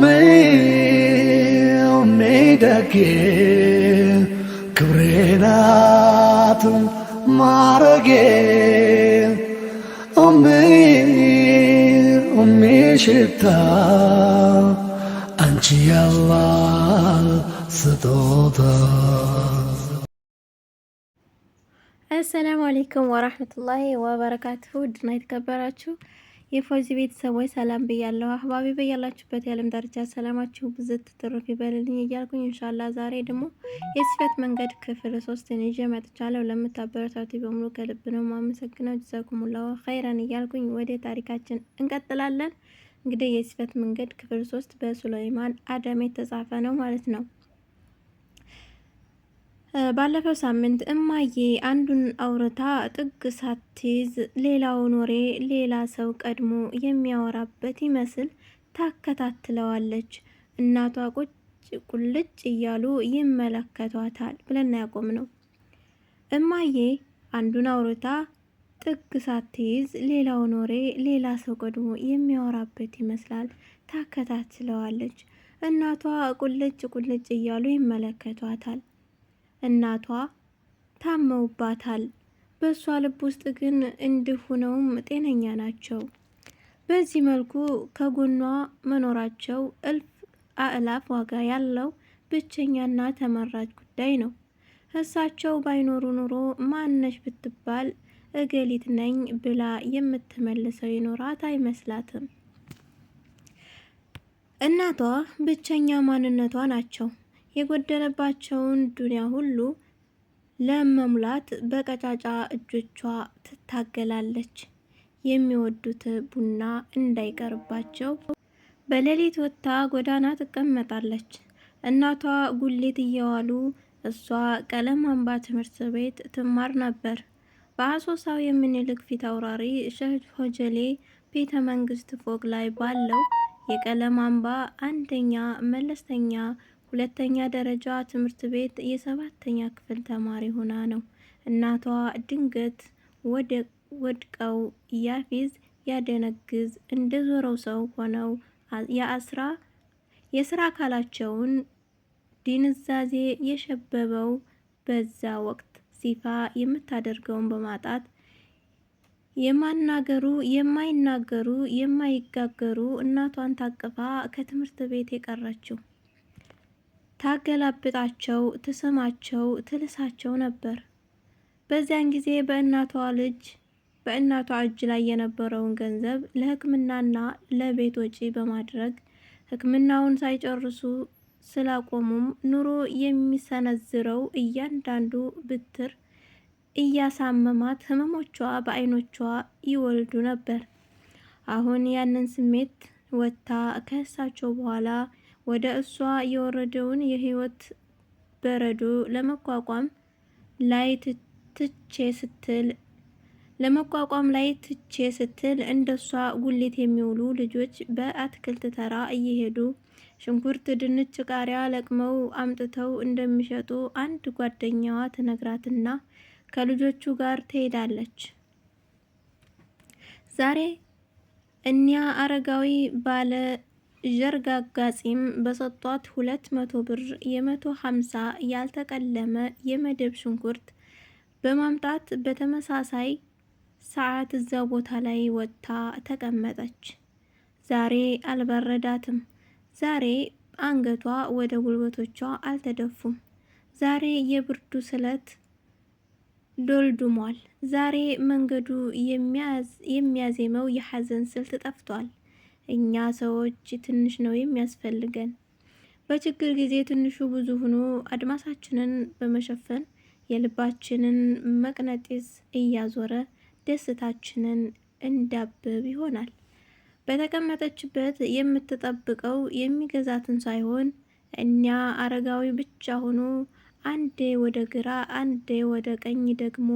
ሜሜደጌ ክብሬናት ማረጌ ሽታ አንቺ ያላ ስጦታ አሰላሙ አሌይኩም ወራህመቱላሂ ወበረካቱሁ ድና የተከበራችሁ የፎዚ ቤተሰቦች ሰላም ብያለሁ። አህባቢ በያላችሁበት የዓለም ዳርቻ ሰላማችሁ ብዝት ትርፍ ይበልልኝ እያልኩኝ እንሻላ ዛሬ ደግሞ የስፈት መንገድ ክፍል ሶስትን ይዤ መጥቻለሁ። ለምታበረታቱ በሙሉ ከልብ ነው ማመሰግነው። ጀዛኩሙላሁ ኸይረን እያልኩኝ ወደ ታሪካችን እንቀጥላለን። እንግዲህ የስፈት መንገድ ክፍል ሶስት በሱለይማን አደም የተጻፈ ነው ማለት ነው። ባለፈው ሳምንት እማዬ አንዱን አውርታ ጥግ ሳትይዝ ሌላውን ወሬ ሌላ ሰው ቀድሞ የሚያወራበት ይመስል ታከታትለዋለች። እናቷ ቁጭ ቁልጭ እያሉ ይመለከቷታል ብለን ያቆም ነው። እማዬ አንዱን አውርታ ጥግ ሳትይዝ ሌላውን ወሬ ሌላ ሰው ቀድሞ የሚያወራበት ይመስላል ታከታትለዋለች። እናቷ ቁልጭ ቁልጭ እያሉ ይመለከቷታል። እናቷ ታመውባታል። በእሷ ልብ ውስጥ ግን እንዲህ ሆነውም ጤነኛ ናቸው። በዚህ መልኩ ከጎኗ መኖራቸው እልፍ አእላፍ ዋጋ ያለው ብቸኛና ተመራጭ ጉዳይ ነው። እሳቸው ባይኖሩ ኑሮ ማነሽ ብትባል እገሊት ነኝ ብላ የምትመልሰው ይኖራት አይመስላትም። እናቷ ብቸኛ ማንነቷ ናቸው። የጎደለባቸውን ዱንያ ሁሉ ለመሙላት በቀጫጫ እጆቿ ትታገላለች። የሚወዱት ቡና እንዳይቀርባቸው በሌሊት ወጥታ ጎዳና ትቀመጣለች። እናቷ ጉሌት እየዋሉ እሷ ቀለም አምባ ትምህርት ቤት ትማር ነበር። በአሶሳው የምኒልክ ፊት አውራሪ ሸህ ሆጀሌ ቤተ መንግስት ፎቅ ላይ ባለው የቀለም አምባ አንደኛ መለስተኛ ሁለተኛ ደረጃ ትምህርት ቤት የሰባተኛ ክፍል ተማሪ ሆና ነው። እናቷ ድንገት ወድቀው ያፊዝ ያደነግዝ እንደ ዞረው ሰው ሆነው የአስራ የስራ አካላቸውን ድንዛዜ የሸበበው በዛ ወቅት ሲፋ የምታደርገውን በማጣት የማናገሩ የማይናገሩ የማይጋገሩ እናቷን ታቅፋ ከትምህርት ቤት የቀረችው ታገላብጣቸው፣ ትስማቸው፣ ትልሳቸው ነበር። በዚያን ጊዜ በእናቷ ልጅ በእናቷ እጅ ላይ የነበረውን ገንዘብ ለሕክምናና ለቤት ወጪ በማድረግ ሕክምናውን ሳይጨርሱ ስላቆሙም ኑሮ የሚሰነዝረው እያንዳንዱ ብትር እያሳመማት ህመሞቿ በአይኖቿ ይወልዱ ነበር። አሁን ያንን ስሜት ወጥታ ከእሳቸው በኋላ ወደ እሷ የወረደውን የህይወት በረዶ ለመቋቋም ላይ ትቼ ስትል ለመቋቋም ላይ ትቼ ስትል እንደሷ ጉሊት የሚውሉ ልጆች በአትክልት ተራ እየሄዱ ሽንኩርት፣ ድንች፣ ቃሪያ ለቅመው አምጥተው እንደሚሸጡ አንድ ጓደኛዋ ትነግራትና ከልጆቹ ጋር ትሄዳለች። ዛሬ እኒያ አረጋዊ ባለ ዠርጋጋ ጺም በሰጧት ሁለት መቶ ብር የመቶ ሀምሳ ያልተቀለመ የመደብ ሽንኩርት በማምጣት በተመሳሳይ ሰዓት እዛ ቦታ ላይ ወጥታ ተቀመጠች። ዛሬ አልበረዳትም። ዛሬ አንገቷ ወደ ጉልበቶቿ አልተደፉም። ዛሬ የብርዱ ስለት ዶልዱሟል። ዛሬ መንገዱ የሚያዜመው የሐዘን ስልት ጠፍቷል። እኛ ሰዎች ትንሽ ነው የሚያስፈልገን። በችግር ጊዜ ትንሹ ብዙ ሆኖ አድማሳችንን በመሸፈን የልባችንን መቅነጢስ እያዞረ ደስታችንን እንዳብብ ይሆናል። በተቀመጠችበት የምትጠብቀው የሚገዛትን ሳይሆን እኛ አረጋዊ ብቻ ሆኖ አንዴ ወደ ግራ አንዴ ወደ ቀኝ ደግሞ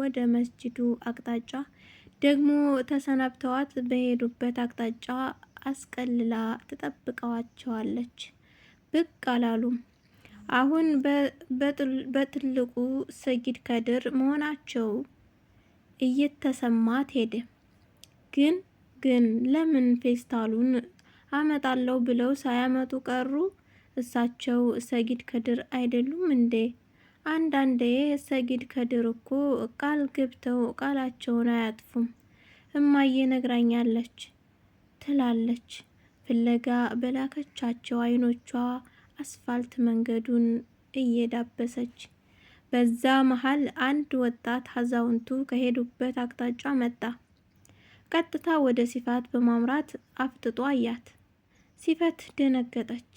ወደ መስጂዱ አቅጣጫ ደግሞ ተሰናብተዋት በሄዱበት አቅጣጫ አስቀልላ ትጠብቀዋቸዋለች። ብቅ አላሉም። አሁን በትልቁ ሰጊድ ከድር መሆናቸው እየተሰማት ሄደ። ግን ግን ለምን ፌስታሉን አመጣለሁ ብለው ሳያመጡ ቀሩ? እሳቸው ሰጊድ ከድር አይደሉም እንዴ? አንዳንዴ ሰጊድ ከድር እኮ ቃል ገብተው ቃላቸውን አያጥፉም። እማዬ ነግራኛለች ትላለች። ፍለጋ በላከቻቸው አይኖቿ አስፋልት መንገዱን እየዳበሰች። በዛ መሀል አንድ ወጣት አዛውንቱ ከሄዱበት አቅጣጫ መጣ። ቀጥታ ወደ ሲፋት በማምራት አፍጥጦ አያት። ሲፈት ደነገጠች።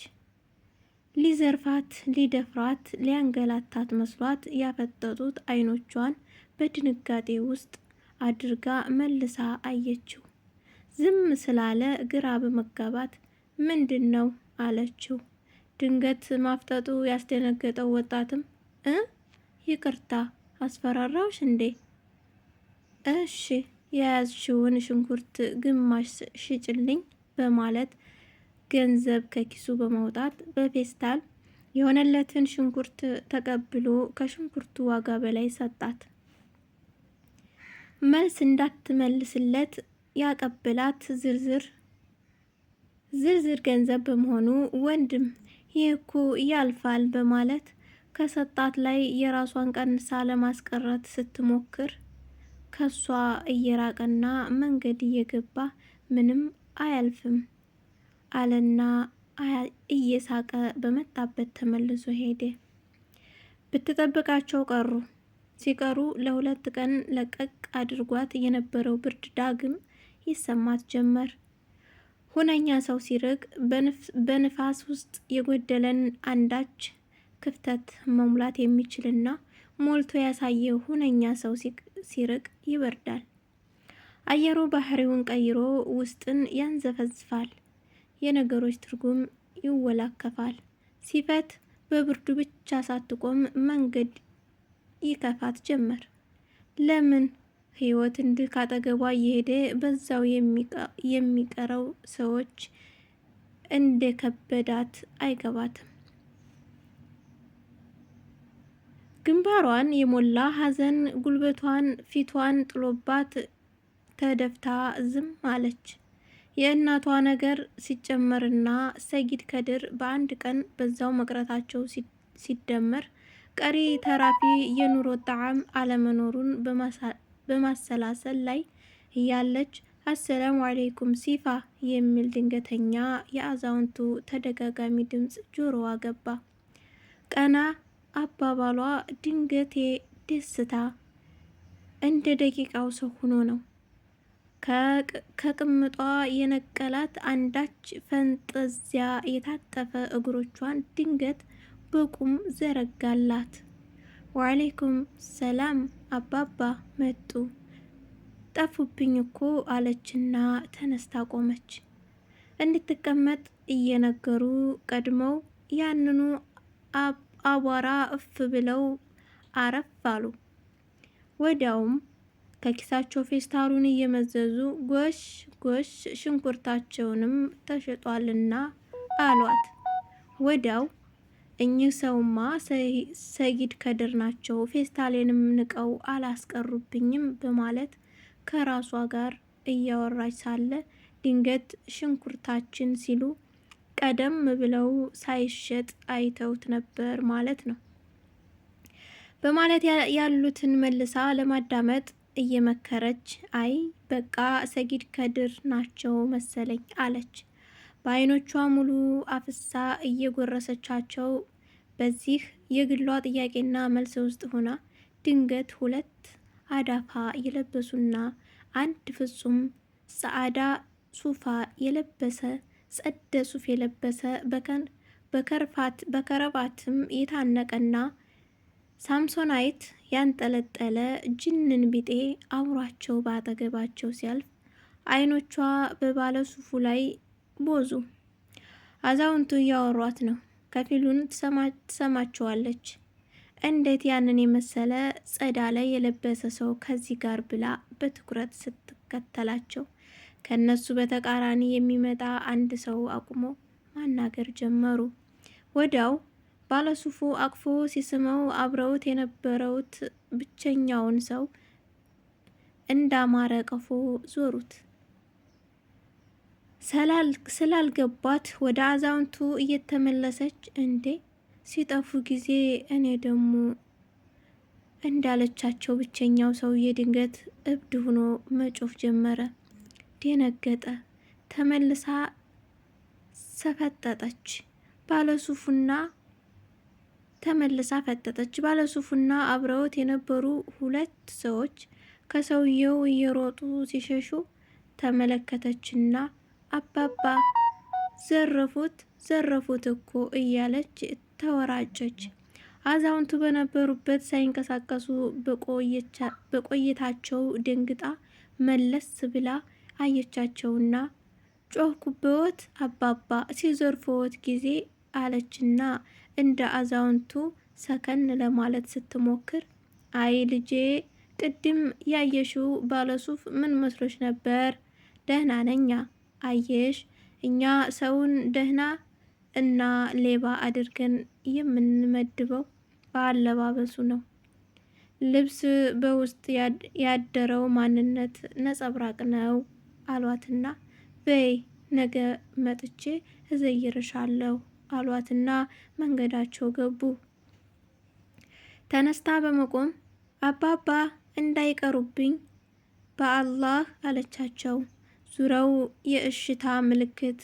ሊዘርፋት ሊደፍራት ሊያንገላታት መስሏት ያፈጠጡት አይኖቿን በድንጋጤ ውስጥ አድርጋ መልሳ አየችው። ዝም ስላለ ግራ በመጋባት ምንድን ነው አለችው። ድንገት ማፍጠጡ ያስደነገጠው ወጣትም እ ይቅርታ አስፈራራውሽ እንዴ? እሺ የያዝሽውን ሽንኩርት ግማሽ ሽጭልኝ በማለት ገንዘብ ከኪሱ በማውጣት በፌስታል የሆነለትን ሽንኩርት ተቀብሎ ከሽንኩርቱ ዋጋ በላይ ሰጣት። መልስ እንዳትመልስለት ያቀብላት ዝርዝር ዝርዝር ገንዘብ በመሆኑ ወንድም ይህ እኮ ያልፋል በማለት ከሰጣት ላይ የራሷን ቀንሳ ለማስቀረት ስትሞክር ከሷ እየራቀና መንገድ እየገባ ምንም አያልፍም አለና እየሳቀ በመጣበት ተመልሶ ሄደ። ብትጠብቃቸው ቀሩ። ሲቀሩ ለሁለት ቀን ለቀቅ አድርጓት የነበረው ብርድ ዳግም ይሰማት ጀመር። ሁነኛ ሰው ሲርቅ በንፋስ ውስጥ የጎደለን አንዳች ክፍተት መሙላት የሚችልና ሞልቶ ያሳየ ሁነኛ ሰው ሲርቅ ይበርዳል። አየሩ ባህሪውን ቀይሮ ውስጥን ያንዘፈዝፋል። የነገሮች ትርጉም ይወላከፋል። ሲፈት በብርዱ ብቻ ሳትቆም መንገድ ይከፋት ጀመር። ለምን ህይወት እንዲህ ካጠገቧ እየሄደ በዛው የሚቀረው ሰዎች እንደ ከበዳት አይገባትም። ግንባሯን የሞላ ሐዘን ጉልበቷን ፊቷን ጥሎባት ተደፍታ ዝም አለች። የእናቷ ነገር ሲጨመርና ሰጊድ ከድር በአንድ ቀን በዛው መቅረታቸው ሲደመር ቀሪ ተራፊ የኑሮ ጣዕም አለመኖሩን በማሰላሰል ላይ እያለች አሰላሙ አሌይኩም ሲፋ የሚል ድንገተኛ የአዛውንቱ ተደጋጋሚ ድምፅ ጆሮዋ ገባ። ቀና አባባሏ ድንገቴ ደስታ እንደ ደቂቃው ሰው ሆኖ ነው። ከቅምጧ የነቀላት አንዳች ፈንጠዚያ የታጠፈ እግሮቿን ድንገት በቁም ዘረጋላት። ወአሌይኩም ሰላም አባባ መጡ ጠፉብኝ እኮ አለችና ተነስታ ቆመች። እንድትቀመጥ እየነገሩ ቀድመው ያንኑ አቧራ እፍ ብለው አረፍ አሉ። ወዲያውም ከኪሳቸው ፌስታሉን እየመዘዙ ጎሽ ጎሽ ሽንኩርታቸውንም ተሽጧልና አሏት። ወዲያው እኚህ ሰውማ ሰይድ ከድር ናቸው፣ ፌስታሌንም ንቀው አላስቀሩብኝም በማለት ከራሷ ጋር እያወራች ሳለ ድንገት ሽንኩርታችን ሲሉ ቀደም ብለው ሳይሸጥ አይተውት ነበር ማለት ነው በማለት ያሉትን መልሳ ለማዳመጥ እየመከረች አይ በቃ ሰጊድ ከድር ናቸው መሰለኝ አለች። በአይኖቿ ሙሉ አፍሳ እየጎረሰቻቸው በዚህ የግሏ ጥያቄና መልስ ውስጥ ሆና ድንገት ሁለት አዳፋ የለበሱና አንድ ፍጹም ጸአዳ ሱፋ የለበሰ ጸደ ሱፍ የለበሰ በከረባትም የታነቀና ሳምሶናይት ያንጠለጠለ ጅንን ቢጤ አብሯቸው ባጠገባቸው ሲያልፍ አይኖቿ በባለ ሱፉ ላይ ቦዙ። አዛውንቱ እያወሯት ነው። ከፊሉን ትሰማቸዋለች። እንዴት ያንን የመሰለ ጸዳ ላይ የለበሰ ሰው ከዚህ ጋር ብላ በትኩረት ስትከተላቸው ከእነሱ በተቃራኒ የሚመጣ አንድ ሰው አቁሞ ማናገር ጀመሩ። ወዲያው ባለሱፉ አቅፎ ሲስመው አብረውት የነበረውት ብቸኛውን ሰው እንዳማረ ቀፎ ዞሩት። ስላልገባት ወደ አዛውንቱ እየተመለሰች እንዴ ሲጠፉ ጊዜ እኔ ደግሞ እንዳለቻቸው ብቸኛው ሰውዬ ድንገት እብድ ሆኖ መጮፍ ጀመረ። ደነገጠ። ተመልሳ ሰፈጠጠች። ባለሱፉና ተመልሳ ፈጠጠች። ባለሱፉና አብረውት የነበሩ ሁለት ሰዎች ከሰውየው እየሮጡ ሲሸሹ ተመለከተችና አባባ ዘረፉት ዘረፉት እኮ እያለች ተወራጨች። አዛውንቱ በነበሩበት ሳይንቀሳቀሱ በቆየታቸው ደንግጣ መለስ ብላ አየቻቸውና ጮህኩብዎት አባባ ሲዘርፎት ጊዜ አለችና እንደ አዛውንቱ ሰከን ለማለት ስትሞክር አይ ልጄ ቅድም ያየሽው ባለሱፍ ምን መስሎች ነበር? ደህና ነኛ። አየሽ እኛ ሰውን ደህና እና ሌባ አድርገን የምንመድበው በአለባበሱ ነው። ልብስ በውስጥ ያደረው ማንነት ነጸብራቅ ነው አሏትና፣ በይ ነገ መጥቼ እዘይርሻለሁ አሏትና መንገዳቸው ገቡ። ተነስታ በመቆም አባባ እንዳይቀሩብኝ በአላህ አለቻቸው። ዙረው የእሽታ ምልክት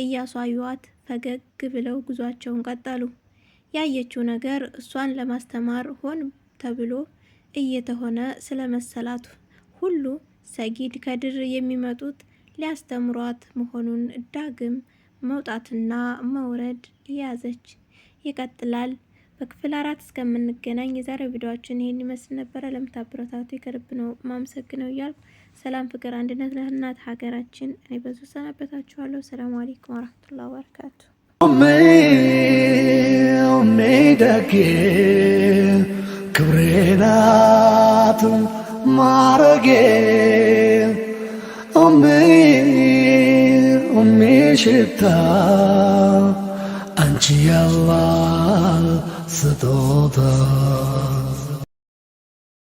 እያሳዩዋት ፈገግ ብለው ጉዟቸውን ቀጠሉ። ያየችው ነገር እሷን ለማስተማር ሆን ተብሎ እየተሆነ ስለመሰላት ሁሉ ሰጊድ ከድር የሚመጡት ሊያስተምሯት መሆኑን ዳግም መውጣትና መውረድ የያዘች ይቀጥላል። በክፍል አራት እስከምንገናኝ የዛሬው ቪዲዮችን ይህን ይመስል ነበረ። ለምታበረታቱ ከልብ ነው ማመሰግነው እያልኩ ሰላም፣ ፍቅር፣ አንድነት ለእናት ሀገራችን እኔ በዙ ሰናበታችኋለሁ። ሰላም አለይኩም ወረህመቱላሂ ወበረካቱ። ክብሬናት ማረጌ የቁሜ ሽታ አንቺ ያላ ስጦታ